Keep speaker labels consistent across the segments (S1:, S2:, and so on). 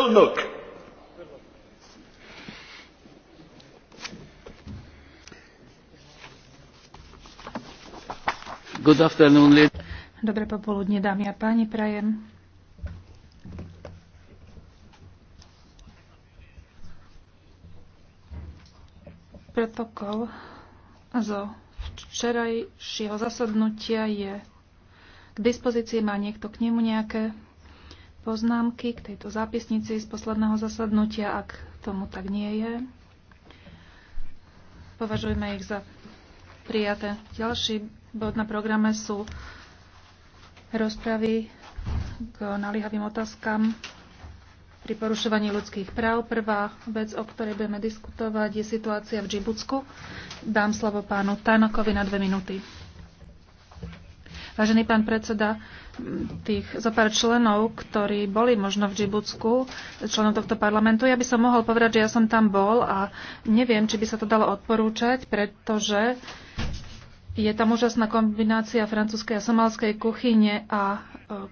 S1: elnök!
S2: Good afternoon,
S3: Dobré popoludne, dámy a páni, prajem. Protokol zo včerajšieho zasadnutia je k dispozícii. Má niekto k nemu nejaké poznámky k tejto zápisnici z posledného zasadnutia, ak tomu tak nie je. Považujme ich za prijaté. Ďalší bod na programe sú rozpravy k naliehavým otázkam pri porušovaní ľudských práv. Prvá vec, o ktorej budeme diskutovať, je situácia v Džibutsku. Dám slovo pánu Tanakovi na dve minúty. Vážený pán predseda, tých zo pár členov, ktorí boli možno v Džibutsku, členov tohto parlamentu, ja by som mohol povedať, že ja som tam bol a neviem, či by sa to dalo odporúčať, pretože je tam úžasná kombinácia francúzskej a somalskej kuchyne a e,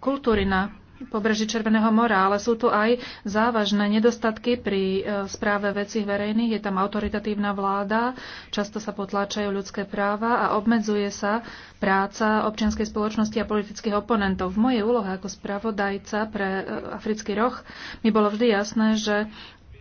S3: kultúry na pobreží Červeného mora, ale sú tu aj závažné nedostatky pri e, správe vecí verejných. Je tam autoritatívna vláda, často sa potláčajú ľudské práva a obmedzuje sa práca občianskej spoločnosti a politických oponentov. V mojej úlohe ako spravodajca pre e, Africký roh mi bolo vždy jasné, že